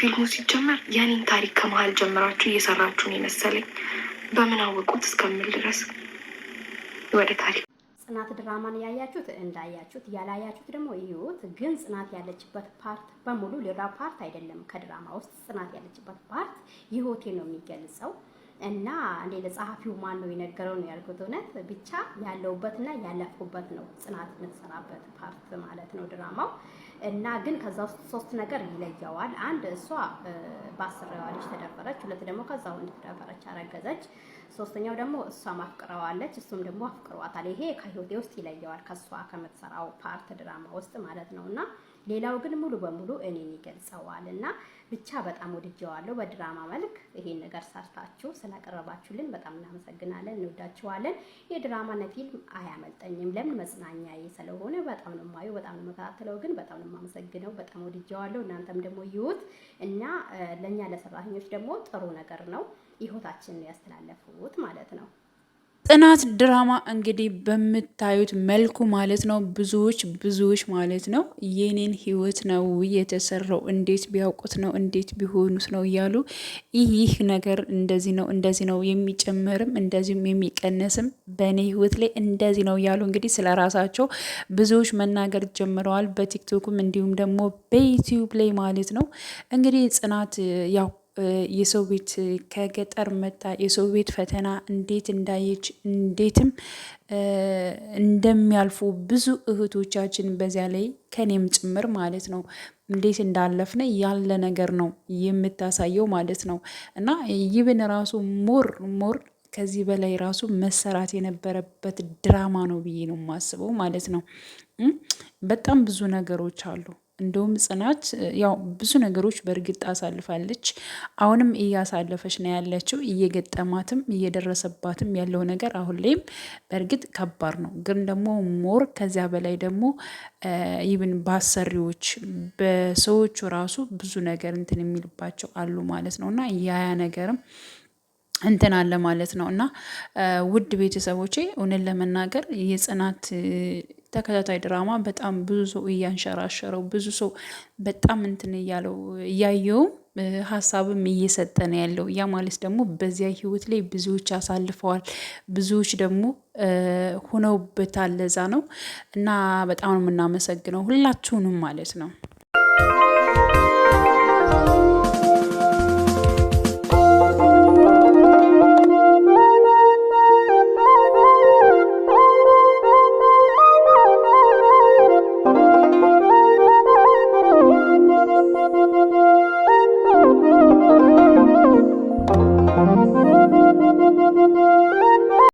ፊልሙ ሲጀመር የኔን ታሪክ ከመሀል ጀምራችሁ እየሰራችሁን የመሰለኝ በምን አወቁት እስከምል ድረስ ወደ ታሪክ ጽናት ድራማን ያያችሁት እንዳያችሁት ያላያችሁት ደግሞ ይሁት። ግን ጽናት ያለችበት ፓርት በሙሉ ሌላ ፓርት አይደለም። ከድራማ ውስጥ ጽናት ያለችበት ፓርት ይሁቴ ነው የሚገልጸው። እና እንዴ ለጸሐፊው ማን ነው የነገረው ነው ያልኩት። እውነት ብቻ ያለውበትና ያለፍኩበት ነው ጽናት የምትሰራበት ፓርት ማለት ነው ድራማው። እና ግን ከዛ ውስጥ ሶስት ነገር ይለየዋል። አንድ እሷ በአሰሪዋ ልጅ ተደፈረች፣ ሁለት ደግሞ ከዛ ወንድ ተደፈረች፣ አረገዘች ሶስተኛው ደግሞ እሷም አፍቅረዋለች እሱም ደግሞ አፍቅሯታል። ይሄ ከህይወቴ ውስጥ ይለየዋል ከእሷ ከምትሰራው ፓርት ድራማ ውስጥ ማለት ነው እና ሌላው ግን ሙሉ በሙሉ እኔን ይገልጸዋል እና ብቻ በጣም ወድጀዋለሁ። በድራማ መልክ ይሄን ነገር ሰርታችሁ ስላቀረባችሁልን በጣም እናመሰግናለን፣ እንወዳችኋለን። የድራማ ፊልም አያመልጠኝም። ለምን መጽናኛዬ ስለሆነ በጣም ነው የማየው፣ በጣም ነው የምከታተለው። ግን በጣም ነው የማመሰግነው፣ በጣም ወድጀዋለሁ። እናንተም ደግሞ ይዩት እና ለእኛ ለሰራተኞች ደግሞ ጥሩ ነገር ነው። ህይወታችንን ያስተላለፉት ማለት ነው። ጽናት ድራማ እንግዲህ በምታዩት መልኩ ማለት ነው ብዙዎች ብዙዎች ማለት ነው የኔን ህይወት ነው የተሰራው፣ እንዴት ቢያውቁት ነው እንዴት ቢሆኑት ነው እያሉ ይህ ነገር እንደዚህ ነው እንደዚህ ነው የሚጨምርም እንደዚሁም የሚቀነስም በእኔ ህይወት ላይ እንደዚህ ነው እያሉ እንግዲህ ስለ ራሳቸው ብዙዎች መናገር ጀምረዋል። በቲክቶክም እንዲሁም ደግሞ በዩቲዩብ ላይ ማለት ነው እንግዲህ ጽናት ያው የሰው ቤት ከገጠር መጣ የሰው ቤት ፈተና እንዴት እንዳየች እንዴትም እንደሚያልፉ ብዙ እህቶቻችን በዚያ ላይ ከኔም ጭምር ማለት ነው እንዴት እንዳለፍነ ያለ ነገር ነው የምታሳየው ማለት ነው። እና ይብን ራሱ ሞር ሞር ከዚህ በላይ ራሱ መሰራት የነበረበት ድራማ ነው ብዬ ነው የማስበው ማለት ነው። በጣም ብዙ ነገሮች አሉ። እንደውም ጽናት ያው ብዙ ነገሮች በእርግጥ አሳልፋለች። አሁንም እያሳለፈች ነው ያለችው። እየገጠማትም እየደረሰባትም ያለው ነገር አሁን ላይም በእርግጥ ከባድ ነው። ግን ደግሞ ሞር ከዚያ በላይ ደግሞ ይብን በአሰሪዎች በሰዎቹ ራሱ ብዙ ነገር እንትን የሚልባቸው አሉ ማለት ነው እና ያያ ነገርም እንትን አለ ማለት ነው እና ውድ ቤተሰቦቼ እውነት ለመናገር የጽናት ተከታታይ ድራማ በጣም ብዙ ሰው እያንሸራሸረው ብዙ ሰው በጣም እንትን እያለው እያየው ሀሳብም እየሰጠ ነው ያለው። ያ ማለት ደግሞ በዚያ ህይወት ላይ ብዙዎች አሳልፈዋል፣ ብዙዎች ደግሞ ሆነውበታል። ለዛ ነው እና በጣም ነው የምናመሰግነው ሁላችሁንም ማለት ነው።